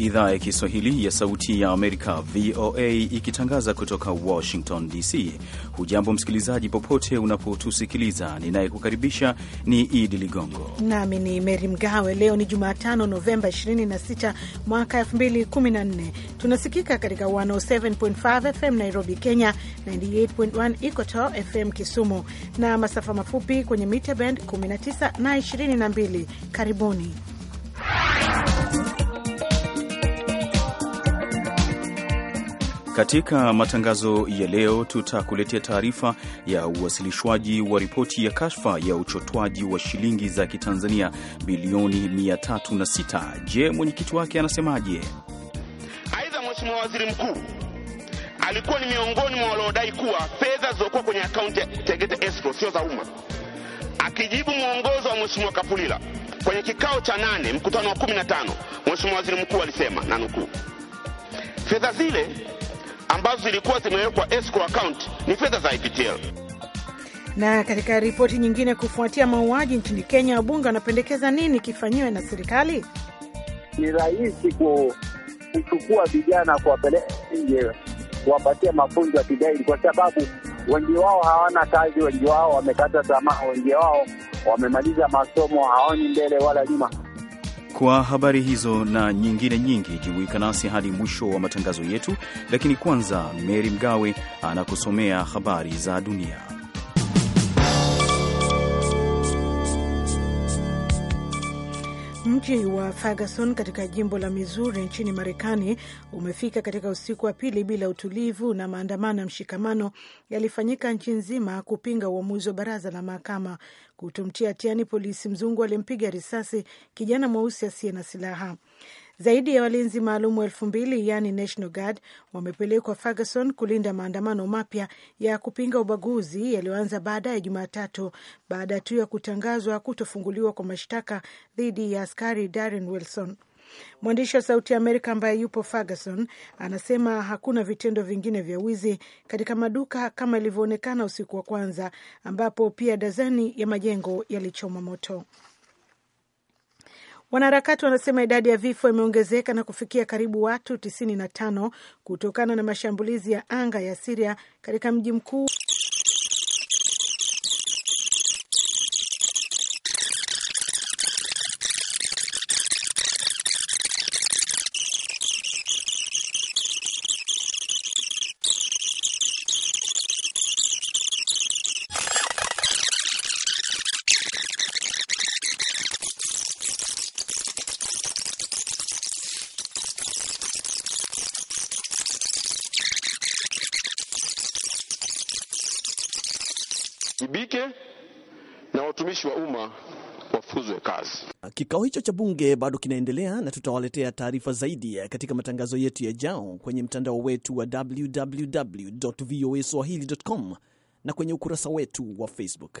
idhaa ya Kiswahili ya Sauti ya Amerika, VOA, ikitangaza kutoka Washington DC. Hujambo msikilizaji, popote unapotusikiliza. Ninayekukaribisha ni Idi Ligongo nami ni Meri Mgawe. Leo ni Jumatano, Novemba 26 mwaka 2014. Tunasikika katika 107.5 FM Nairobi, Kenya, 98.1 Ikoto FM Kisumu, na masafa mafupi kwenye mita 19 na 22. Karibuni. Katika matangazo ya leo tutakuletea taarifa ya uwasilishwaji wa ripoti ya kashfa ya uchotwaji wa shilingi za Kitanzania bilioni 306. Je, mwenyekiti wake anasemaje? Aidha, Mheshimiwa Waziri Mkuu alikuwa ni miongoni mwa waliodai kuwa fedha zilizokuwa kwenye akaunti ya Tegeta Escrow sio za umma. Akijibu mwongozo wa Mheshimiwa Kapulila kwenye kikao cha nane mkutano wa 15, Mheshimiwa Waziri Mkuu alisema na nukuu, fedha zile ambazo zilikuwa zimewekwa escrow account ni fedha za IPTL. Na katika ripoti nyingine, kufuatia mauaji nchini Kenya, wabunge wanapendekeza nini kifanyiwe na serikali? Ni rahisi kuchukua vijana kuwapeleka nje, kuwapatia mafunzo ya kigaidi, kwa sababu wengi wao hawana kazi, wengi wao wamekata tamaa, wengi wao wamemaliza masomo, hawani mbele wala nyuma. Kwa habari hizo na nyingine nyingi, jumuika nasi hadi mwisho wa matangazo yetu, lakini kwanza, Meri Mgawe anakusomea habari za dunia. Mji wa Ferguson katika jimbo la Missouri nchini Marekani umefika katika usiku wa pili bila utulivu, na maandamano ya mshikamano yalifanyika nchi nzima kupinga uamuzi wa baraza la mahakama kutomtia hatiani polisi mzungu aliyempiga risasi kijana mweusi asiye na silaha. Zaidi ya walinzi maalum elfu mbili yani National Guard wamepelekwa Ferguson kulinda maandamano mapya ya kupinga ubaguzi yaliyoanza baada ya Jumatatu baada tu ya kutangazwa kutofunguliwa kwa mashtaka dhidi ya askari Darren Wilson. Mwandishi wa Sauti ya Amerika ambaye yupo Ferguson anasema hakuna vitendo vingine vya wizi katika maduka kama ilivyoonekana usiku wa kwanza, ambapo pia dazani ya majengo yalichoma moto. Wanaharakati wanasema idadi ya vifo imeongezeka na kufikia karibu watu 95 kutokana na mashambulizi ya anga ya Siria katika mji mkuu Kikao hicho cha bunge bado kinaendelea na tutawaletea taarifa zaidi katika matangazo yetu yajao kwenye mtandao wetu wa www voa swahili.com na kwenye ukurasa wetu wa Facebook.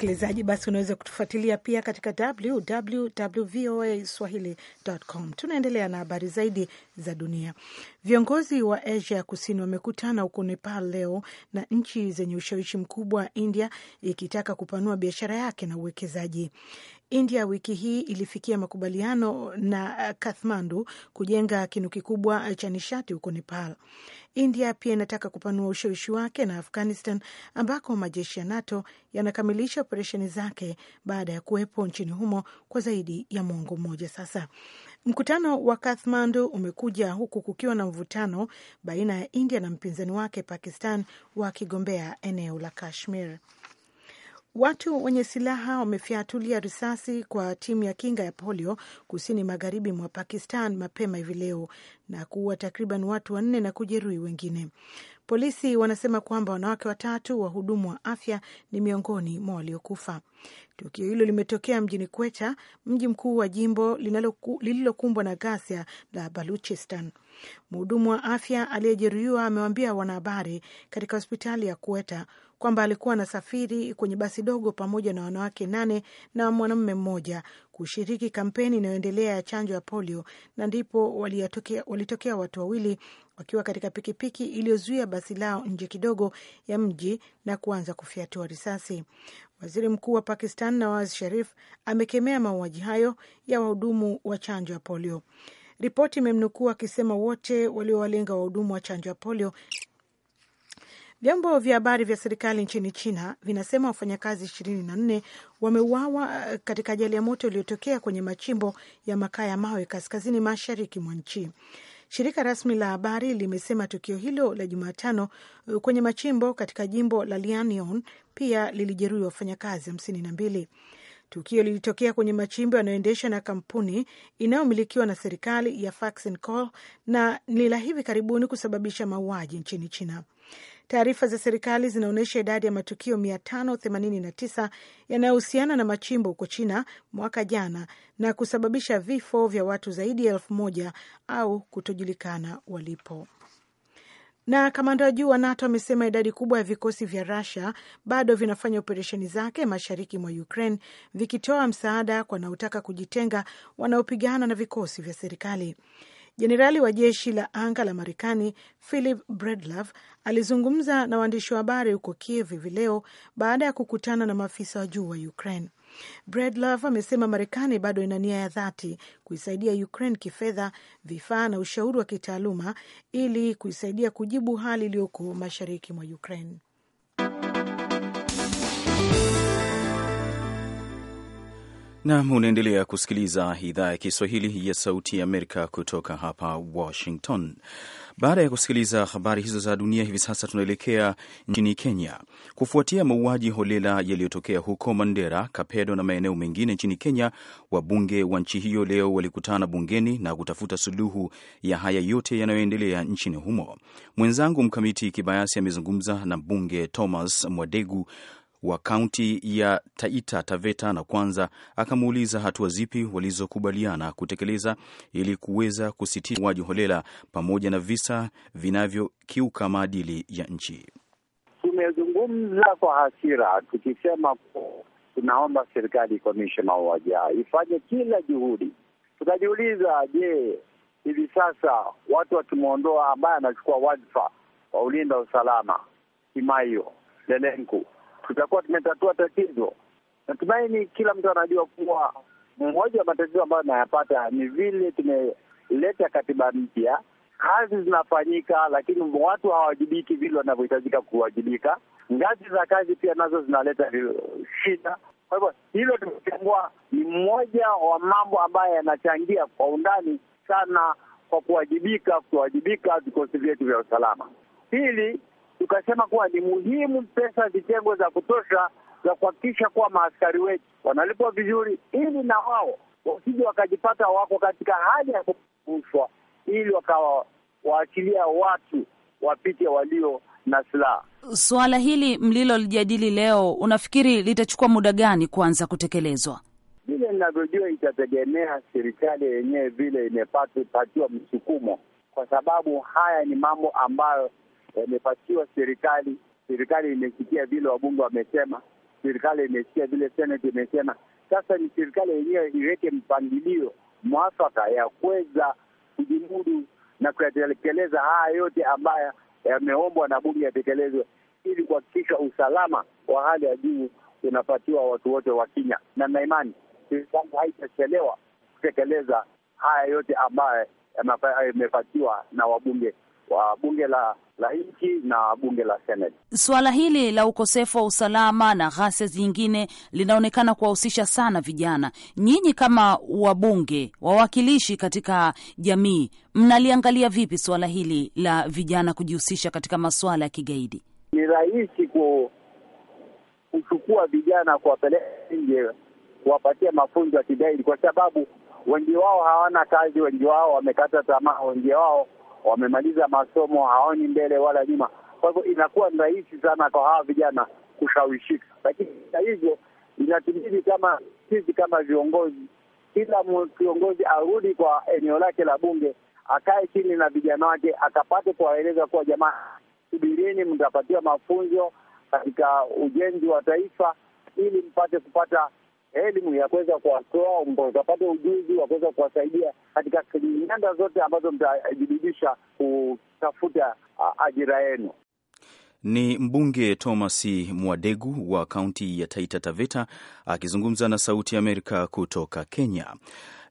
Msikilizaji, basi unaweza kutufuatilia pia katika www voa swahili.com. Tunaendelea na habari zaidi za dunia. Viongozi wa Asia ya kusini wamekutana huko Nepal leo na nchi zenye ushawishi mkubwa India ikitaka kupanua biashara yake na uwekezaji. India wiki hii ilifikia makubaliano na eh, Kathmandu kujenga kinu kikubwa eh, cha nishati huko Nepal. India pia inataka kupanua ushawishi wake na Afghanistan ambako majeshi ya NATO yanakamilisha operesheni zake baada ya kuwepo nchini humo kwa zaidi ya mwongo mmoja sasa. Mkutano wa Kathmandu umekuja huku kukiwa na mvutano baina ya India na mpinzani wake Pakistan wakigombea eneo la Kashmir. Watu wenye silaha wamefyatulia risasi kwa timu ya kinga ya polio kusini magharibi mwa Pakistan mapema hivi leo na kuua takriban watu wanne na kujeruhi wengine. Polisi wanasema kwamba wanawake watatu wahudumu wa afya ni miongoni mwa waliokufa. Tukio hilo limetokea mjini Quetta, mji mkuu wa jimbo lililokumbwa na ghasia la Baluchistan. Mhudumu wa afya aliyejeruhiwa amewaambia wanahabari katika hospitali ya Quetta kwamba alikuwa anasafiri kwenye basi dogo pamoja na wanawake nane na mwanamume mmoja kushiriki kampeni inayoendelea ya chanjo ya polio, na ndipo walitokea watu wawili wakiwa katika pikipiki iliyozuia basi lao nje kidogo ya mji na kuanza kufyatua risasi. Waziri Mkuu wa Pakistan Nawaz Sharif amekemea mauaji hayo ya wahudumu wa chanjo ya polio. Ripoti imemnukuu akisema wote waliowalenga wahudumu wa chanjo ya polio Vyombo vya habari vya serikali nchini China vinasema wafanyakazi ishirini na nne wameuawa eh, katika ajali ya moto iliyotokea kwenye machimbo ya makaa ya mawe kaskazini mashariki mwa nchi. Shirika rasmi la habari limesema tukio hilo la Jumatano uh, kwenye machimbo katika jimbo la Liaoning pia lilijeruhi wafanyakazi hamsini na mbili. Tukio lilitokea kwenye machimbo yanayoendesha na kampuni inayomilikiwa na serikali ya na ni la hivi karibuni kusababisha mauaji nchini China. Taarifa za serikali zinaonyesha idadi ya matukio 589 yanayohusiana na machimbo huko China mwaka jana na kusababisha vifo vya watu zaidi ya elfu moja au kutojulikana walipo. Na kamanda wa juu wa NATO amesema idadi kubwa ya vikosi vya Rusia bado vinafanya operesheni zake mashariki mwa Ukraine, vikitoa msaada kwa wanaotaka kujitenga wanaopigana na vikosi vya serikali. Jenerali wa jeshi la anga la Marekani Philip Bredlav alizungumza na waandishi wa habari huko Kiev hivi leo baada ya kukutana na maafisa wa juu wa Ukraine. Bredlav amesema Marekani bado ina nia ya dhati kuisaidia Ukraine kifedha, vifaa na ushauri wa kitaaluma ili kuisaidia kujibu hali iliyoko mashariki mwa Ukraine. Nam, unaendelea kusikiliza idhaa ya Kiswahili ya Sauti ya Amerika kutoka hapa Washington. Baada ya kusikiliza habari hizo za dunia, hivi sasa tunaelekea nchini Kenya kufuatia mauaji holela yaliyotokea huko Mandera, Kapedo na maeneo mengine nchini Kenya. Wabunge wa nchi hiyo leo walikutana bungeni na kutafuta suluhu ya haya yote yanayoendelea nchini humo. Mwenzangu Mkamiti Kibayasi amezungumza na mbunge Thomas Mwadegu wa kaunti ya Taita Taveta na kwanza akamuuliza hatua zipi walizokubaliana kutekeleza ili kuweza kusitisha mauaji holela pamoja na visa vinavyokiuka maadili ya nchi. Tumezungumza kwa hasira tukisema tunaomba serikali ikomeshe mauaji hayo, ifanye kila juhudi. Tukajiuliza, je, hivi sasa watu wakimwondoa ambaye anachukua wadhifa wa ulinda usalama Kimaio Lelenku tutakuwa tumetatua tatizo. Natumaini kila mtu anajua kuwa mmoja wa matatizo ambayo anayapata ni vile tumeleta katiba mpya, kazi zinafanyika, lakini watu hawawajibiki vile wanavyohitajika kuwajibika. Ngazi za kazi pia nazo zinaleta shida. Kwa hivyo hilo tumechambua, ni mmoja wa mambo ambayo yanachangia kwa undani sana kwa kuwajibika, kuwajibika vikosi vyetu vya usalama. Pili, tukasema kuwa ni muhimu pesa zitengwe za kutosha za kuhakikisha kuwa maaskari wetu wanalipwa vizuri, ili na wao wasije wakajipata wako katika hali ya kurushwa, ili wakawaachilia watu wapite walio na silaha. Suala hili mlilolijadili leo, unafikiri litachukua muda gani kuanza kutekelezwa? Vile ninavyojua, itategemea serikali yenyewe vile imepatiwa msukumo, kwa sababu haya ni mambo ambayo yamepatiwa serikali. Serikali imesikia vile wabunge wamesema, serikali imesikia vile seneti imesema. Sasa ni serikali yenyewe iweke mpangilio mwafaka ya kuweza kujimudu na kuyatekeleza haya yote ambayo yameombwa na bunge yatekelezwe, ili kuhakikisha usalama wa hali ya juu unapatiwa watu wote wa Kenya, na naimani serikali haitachelewa kutekeleza haya yote ambayo yamepatiwa na wabunge wa bunge la la nchi na bunge la Senate. Suala hili la ukosefu wa usalama na ghasia zingine linaonekana kuwahusisha sana vijana. Nyinyi kama wabunge, wawakilishi katika jamii, mnaliangalia vipi suala hili la vijana kujihusisha katika masuala ya kigaidi? Ni rahisi ku kuchukua vijana kuwapeleka nje, kuwapatia mafunzo ya kigaidi, kwa sababu wengi wao hawana kazi, wengi wao wamekata tamaa, wengi wao wamemaliza masomo, haoni mbele wala nyuma. Kwa hivyo inakuwa ni rahisi sana kwa hawa vijana kushawishika, lakini hata hivyo inatubidi kama sisi kama viongozi, kila kiongozi arudi kwa eneo lake la bunge, akae chini na vijana wake, akapate kuwaeleza kuwa jamaa, subirini, mtapatiwa mafunzo katika ujenzi wa taifa ili mpate kupata elimu ya kuweza kuwatoa wapate ujuzi wa kuweza kuwasaidia katika nyanda zote ambazo mtajibidisha kutafuta ajira yenu. Ni mbunge Thomas Mwadegu wa kaunti ya Taita Taveta akizungumza na Sauti ya Amerika kutoka Kenya.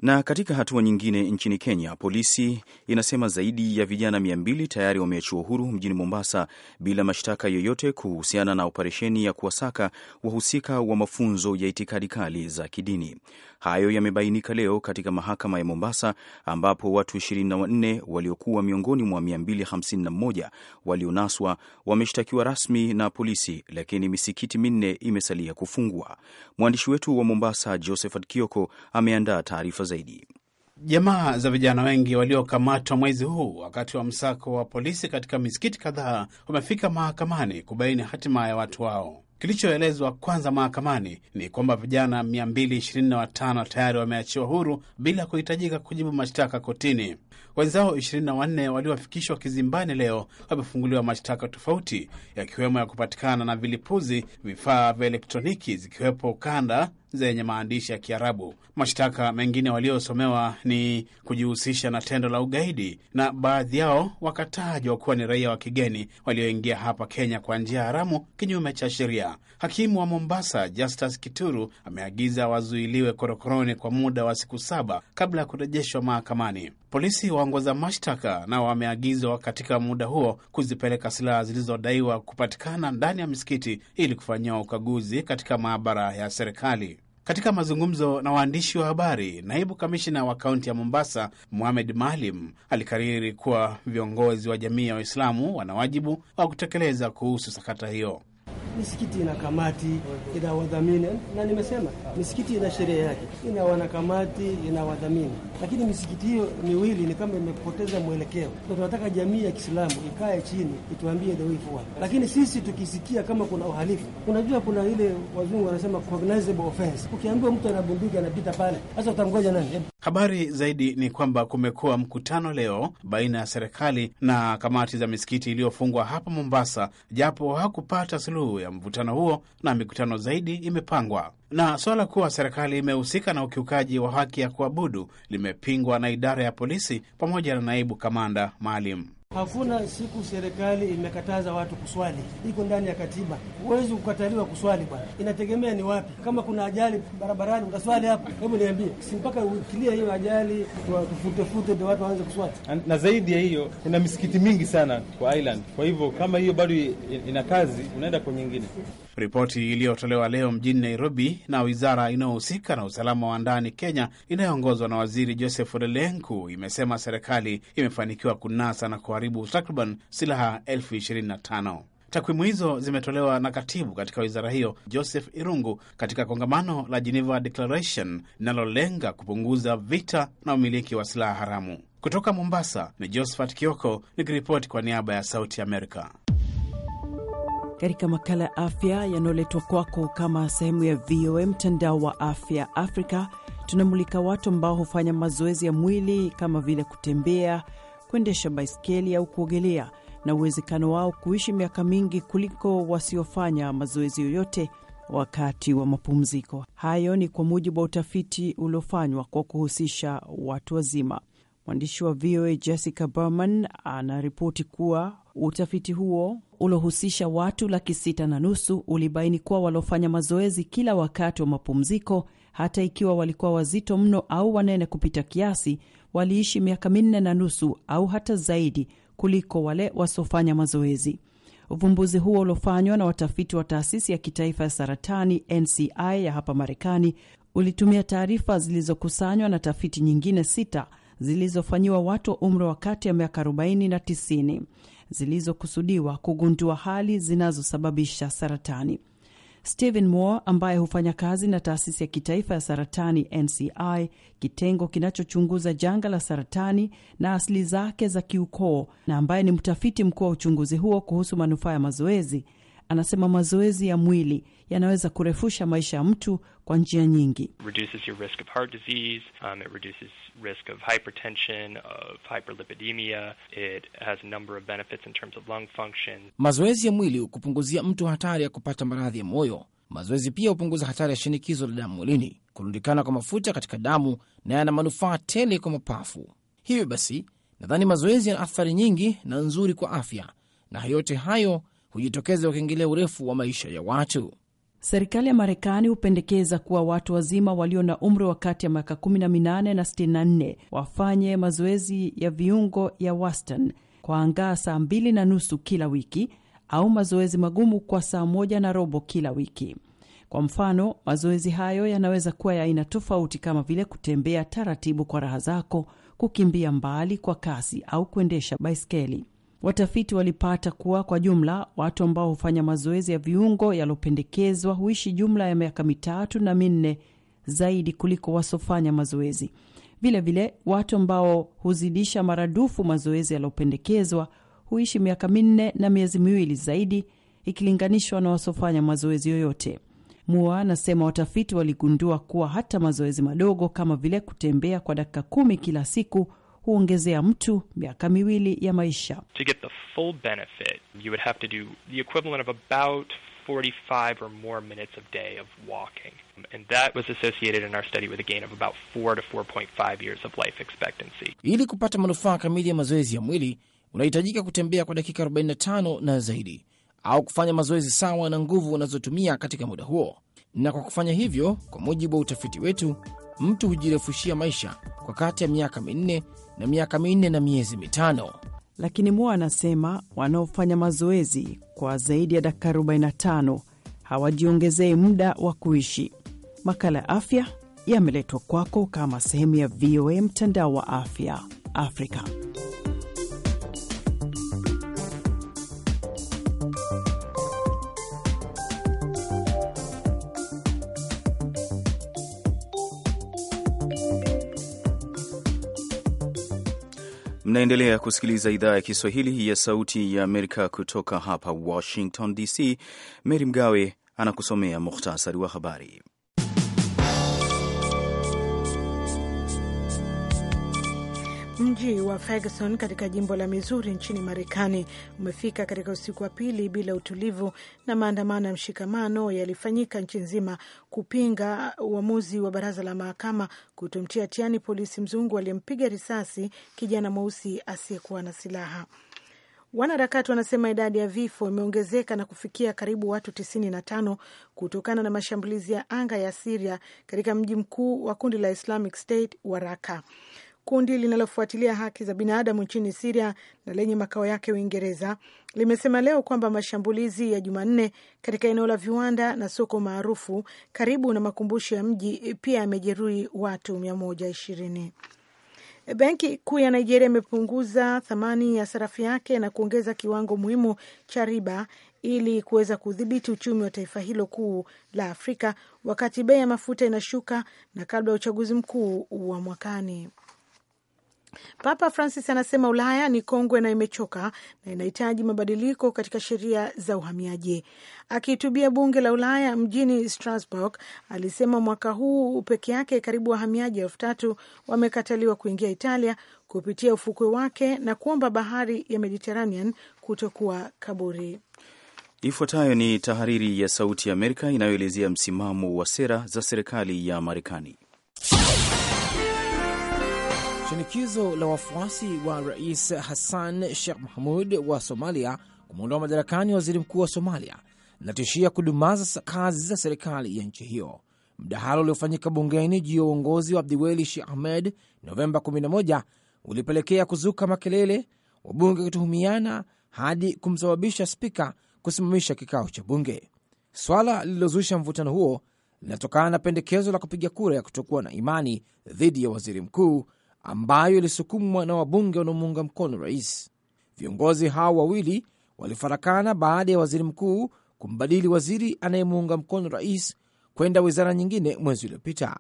Na katika hatua nyingine, nchini Kenya, polisi inasema zaidi ya vijana mia mbili tayari wameachiwa uhuru mjini Mombasa bila mashtaka yoyote kuhusiana na operesheni ya kuwasaka wahusika wa mafunzo ya itikadi kali za kidini. Hayo yamebainika leo katika mahakama ya Mombasa, ambapo watu 24 waliokuwa miongoni mwa 251 walionaswa wameshtakiwa rasmi na polisi, lakini misikiti minne imesalia kufungwa. Mwandishi wetu wa Mombasa, Josephat Kioko, ameandaa taarifa zaidi. Jamaa za vijana wengi waliokamatwa mwezi huu wakati wa msako wa polisi katika misikiti kadhaa wamefika mahakamani kubaini hatima ya watu wao. Kilichoelezwa kwanza mahakamani ni kwamba vijana 225 tayari wameachiwa huru bila kuhitajika kujibu mashtaka kotini. Wenzao 24 waliofikishwa kizimbani leo wamefunguliwa mashtaka tofauti yakiwemo ya kupatikana na vilipuzi, vifaa vya elektroniki zikiwepo kanda zenye maandishi ya Kiarabu. Mashtaka mengine waliosomewa ni kujihusisha na tendo la ugaidi, na baadhi yao wakatajwa kuwa ni raia wa kigeni walioingia hapa Kenya kwa njia haramu kinyume cha sheria. Hakimu wa Mombasa Justus Kituru ameagiza wazuiliwe korokoroni kwa muda wa siku saba kabla ya kurejeshwa mahakamani. Polisi Polisi waongoza mashtaka nao wameagizwa katika muda huo kuzipeleka silaha zilizodaiwa kupatikana ndani ya misikiti ili kufanyia ukaguzi katika maabara ya serikali. Katika mazungumzo na waandishi wa habari, naibu kamishina wa kaunti ya Mombasa muhamed Maalim alikariri kuwa viongozi wa jamii ya Waislamu wana wajibu wa kutekeleza kuhusu sakata hiyo misikiti ina kamati, ina wadhamini, na nimesema misikiti ina sheria yake, ina wanakamati, ina wadhamini, lakini misikiti hiyo miwili ni kama imepoteza mwelekeo. tunataka jamii ya Kiislamu ikae chini, ituambie the way forward. Lakini sisi tukisikia kama kuna uhalifu, unajua kuna ile wazungu wanasema cognizable offense. Ukiambiwa mtu ana bunduki anapita pale, sasa utamgoja nani? Habari zaidi ni kwamba kumekuwa mkutano leo baina ya serikali na kamati za misikiti iliyofungwa hapa Mombasa, japo hakupata suluhu ya ya mvutano huo na mikutano zaidi imepangwa. Na suala kuwa serikali imehusika na ukiukaji wa haki ya kuabudu limepingwa na idara ya polisi pamoja na naibu kamanda Maalim Hakuna siku serikali imekataza watu kuswali, iko ndani ya katiba. Huwezi kukataliwa kuswali bwana, inategemea ni wapi. Kama kuna ajali barabarani utaswali hapo? Hebu niambie, si mpaka ukilia hiyo ajali tufutefute ndio watu waanze kuswali? Na zaidi ya hiyo, kuna misikiti mingi sana kwa island. Kwa hivyo kama hiyo bado ina kazi, unaenda kwa nyingine. Ripoti iliyotolewa leo mjini Nairobi na wizara inayohusika na usalama wa ndani Kenya inayoongozwa na Waziri Joseph Lelenku imesema serikali imefanikiwa kunasa na kuharibu takriban silaha elfu ishirini na tano. Takwimu hizo zimetolewa na katibu katika wizara hiyo Joseph Irungu katika kongamano la Geneva Declaration linalolenga kupunguza vita na umiliki wa silaha haramu. Kutoka Mombasa ni Josephat Kioko nikiripoti kwa niaba ya Sauti Amerika katika makala ya afya yanayoletwa kwako kama sehemu ya VOA mtandao wa afya Afrika. Tunamulika watu ambao hufanya mazoezi ya mwili kama vile kutembea, kuendesha baiskeli au kuogelea na uwezekano wao kuishi miaka mingi kuliko wasiofanya mazoezi yoyote wakati wa mapumziko. Hayo ni kwa mujibu wa utafiti uliofanywa kwa kuhusisha watu wazima. Mwandishi wa VOA Jessica Berman anaripoti kuwa utafiti huo uliohusisha watu laki sita na nusu ulibaini kuwa waliofanya mazoezi kila wakati wa mapumziko, hata ikiwa walikuwa wazito mno au wanene kupita kiasi, waliishi miaka minne na nusu au hata zaidi kuliko wale wasiofanya mazoezi. Uvumbuzi huo uliofanywa na watafiti wa taasisi ya kitaifa ya saratani NCI ya hapa Marekani ulitumia taarifa zilizokusanywa na tafiti nyingine sita zilizofanyiwa watu wa umri wa kati ya miaka 40 na 90 zilizokusudiwa kugundua hali zinazosababisha saratani. Stephen Moore ambaye hufanya kazi na taasisi ya kitaifa ya saratani NCI, kitengo kinachochunguza janga la saratani na asili zake za kiukoo, na ambaye ni mtafiti mkuu wa uchunguzi huo kuhusu manufaa ya mazoezi, Anasema mazoezi ya mwili yanaweza kurefusha maisha ya mtu kwa njia nyingi. Mazoezi ya mwili hukupunguzia mtu hatari ya kupata maradhi ya moyo. Mazoezi pia hupunguza hatari ya shinikizo la damu mwilini, kurundikana kwa mafuta katika damu, na yana manufaa tele kwa mapafu. Hivyo basi, nadhani mazoezi yana athari nyingi na nzuri kwa afya, na yote hayo hujitokeza wakiingilia urefu wa maisha ya watu. Serikali ya Marekani hupendekeza kuwa watu wazima walio na umri wa kati ya miaka 18 na 64 wafanye mazoezi ya viungo ya waston kwa angaa saa mbili na nusu kila wiki au mazoezi magumu kwa saa moja na robo kila wiki. Kwa mfano, mazoezi hayo yanaweza kuwa ya aina tofauti kama vile kutembea taratibu kwa raha zako, kukimbia mbali kwa kasi au kuendesha baiskeli. Watafiti walipata kuwa kwa jumla watu ambao hufanya mazoezi ya viungo yaliyopendekezwa huishi jumla ya miaka mitatu na minne zaidi kuliko wasofanya mazoezi. Vilevile vile, watu ambao huzidisha maradufu mazoezi yaliyopendekezwa huishi miaka minne na miezi miwili zaidi ikilinganishwa na wasofanya mazoezi yoyote. Mua anasema watafiti waligundua kuwa hata mazoezi madogo kama vile kutembea kwa dakika kumi kila siku huongezea mtu miaka miwili ya maisha. To get the full benefit, you would have to do the equivalent of about 45 or more minutes day of walking. And that was associated in our study with a gain of about 4 to 4.5 years of life expectancy. Ili kupata manufaa kamili ya mazoezi ya mwili, unahitajika kutembea kwa dakika 45 na zaidi au kufanya mazoezi sawa na nguvu unazotumia katika muda huo. Na kwa kufanya hivyo, kwa mujibu wa utafiti wetu, mtu hujirefushia maisha kwa kati ya miaka minne na miaka minne na miezi mitano. Lakini Moa anasema wanaofanya mazoezi kwa zaidi ya dakika 45 hawajiongezei muda wa kuishi. Makala ya afya yameletwa kwako kama sehemu ya VOA mtandao wa afya Afrika. Mnaendelea kusikiliza idhaa ya Kiswahili ya Sauti ya Amerika kutoka hapa Washington DC. mary Mgawe anakusomea muhtasari wa habari. Mji wa Ferguson katika jimbo la Missouri nchini Marekani umefika katika usiku wa pili bila utulivu, na maandamano ya mshikamano yalifanyika nchi nzima kupinga uamuzi wa baraza la mahakama kutomtia tiani polisi mzungu aliyempiga risasi kijana mweusi asiyekuwa na silaha. Wanaharakati wanasema idadi ya vifo imeongezeka na kufikia karibu watu tisini na tano kutokana na mashambulizi ya anga ya Siria katika mji mkuu wa kundi la Islamic State Raka. Kundi linalofuatilia haki za binadamu nchini Siria na lenye makao yake Uingereza limesema leo kwamba mashambulizi ya Jumanne katika eneo la viwanda na soko maarufu karibu na makumbusho ya mji pia yamejeruhi watu ishirini. Benki Kuu ya Nigeria imepunguza thamani ya sarafu yake na kuongeza kiwango muhimu cha riba ili kuweza kudhibiti uchumi wa taifa hilo kuu la Afrika, wakati bei ya mafuta inashuka na kabla ya uchaguzi mkuu wa mwakani. Papa Francis anasema Ulaya ni kongwe na imechoka na inahitaji mabadiliko katika sheria za uhamiaji. Akihutubia bunge la Ulaya mjini Strasbourg, alisema mwaka huu peke yake karibu wahamiaji elfu tatu wamekataliwa kuingia Italia kupitia ufukwe wake na kuomba bahari ya Mediterranean kutokuwa kaburi. Ifuatayo ni tahariri ya Sauti ya Amerika inayoelezea msimamo wa sera za serikali ya Marekani. Shinikizo la wafuasi wa Rais Hassan Sheikh Mahmud wa Somalia kumwondoa madarakani waziri mkuu wa Somalia linatishia kudumaza kazi za serikali ya nchi hiyo. Mdahalo uliofanyika bungeni juu ya uongozi wa Abdiweli Sheikh Ahmed Novemba 11 ulipelekea kuzuka makelele, wabunge kutuhumiana hadi kumsababisha spika kusimamisha kikao cha bunge. Swala lililozusha mvutano huo linatokana na pendekezo la kupiga kura ya kutokuwa na imani dhidi ya waziri mkuu ambayo ilisukumwa na wabunge wanaomuunga mkono rais. Viongozi hao wawili walifarakana baada ya waziri mkuu kumbadili waziri anayemuunga mkono rais kwenda wizara nyingine mwezi uliopita.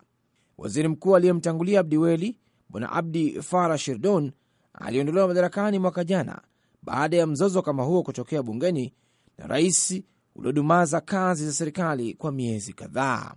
Waziri mkuu aliyemtangulia abdi weli Bwana Abdi Fara Shirdon, aliondolewa madarakani mwaka jana baada ya mzozo kama huo kutokea bungeni na rais uliodumaza kazi za serikali kwa miezi kadhaa.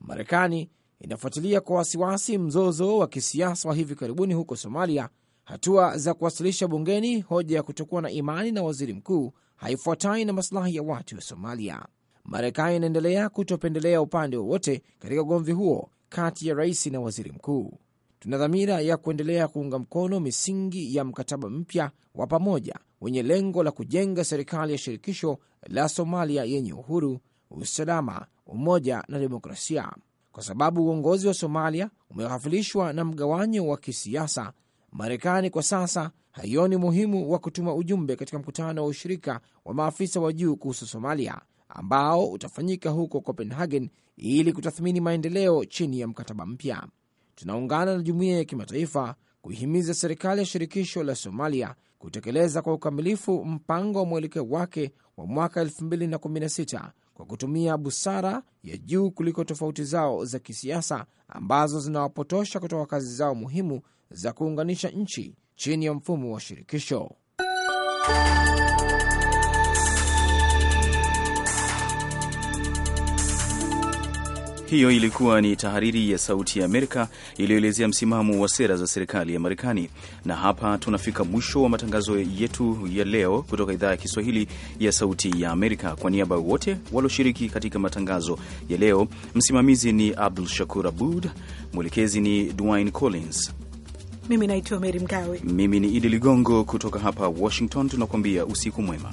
Marekani inafuatilia kwa wasiwasi mzozo wa kisiasa wa hivi karibuni huko Somalia. Hatua za kuwasilisha bungeni hoja ya kutokuwa na imani na waziri mkuu haifuatani na masilahi ya watu wa Somalia. Marekani inaendelea kutopendelea upande wowote katika ugomvi huo kati ya rais na waziri mkuu. Tuna dhamira ya kuendelea kuunga mkono misingi ya mkataba mpya wa pamoja wenye lengo la kujenga serikali ya shirikisho la Somalia yenye uhuru, usalama, umoja na demokrasia. Kwa sababu uongozi wa Somalia umeghafilishwa na mgawanyo wa kisiasa, Marekani kwa sasa haioni muhimu wa kutuma ujumbe katika mkutano wa ushirika wa maafisa wa juu kuhusu Somalia ambao utafanyika huko Copenhagen ili kutathmini maendeleo chini ya mkataba mpya. Tunaungana na jumuiya ya kimataifa kuihimiza serikali ya shirikisho la Somalia kutekeleza kwa ukamilifu mpango wa mwelekeo wake wa mwaka 2016 kwa kutumia busara ya juu kuliko tofauti zao za kisiasa ambazo zinawapotosha kutoka kazi zao muhimu za kuunganisha nchi chini ya mfumo wa shirikisho. Hiyo ilikuwa ni tahariri ya Sauti ya Amerika iliyoelezea msimamo wa sera za serikali ya Marekani. Na hapa tunafika mwisho wa matangazo yetu ya leo kutoka idhaa ya Kiswahili ya Sauti ya Amerika. Kwa niaba ya wote walioshiriki katika matangazo ya leo, msimamizi ni Abdul Shakur Abud, mwelekezi ni Dwayne Collins, mimi naitwa Meri Mgawe, mimi ni Idi Ligongo kutoka hapa Washington, tunakuambia usiku mwema.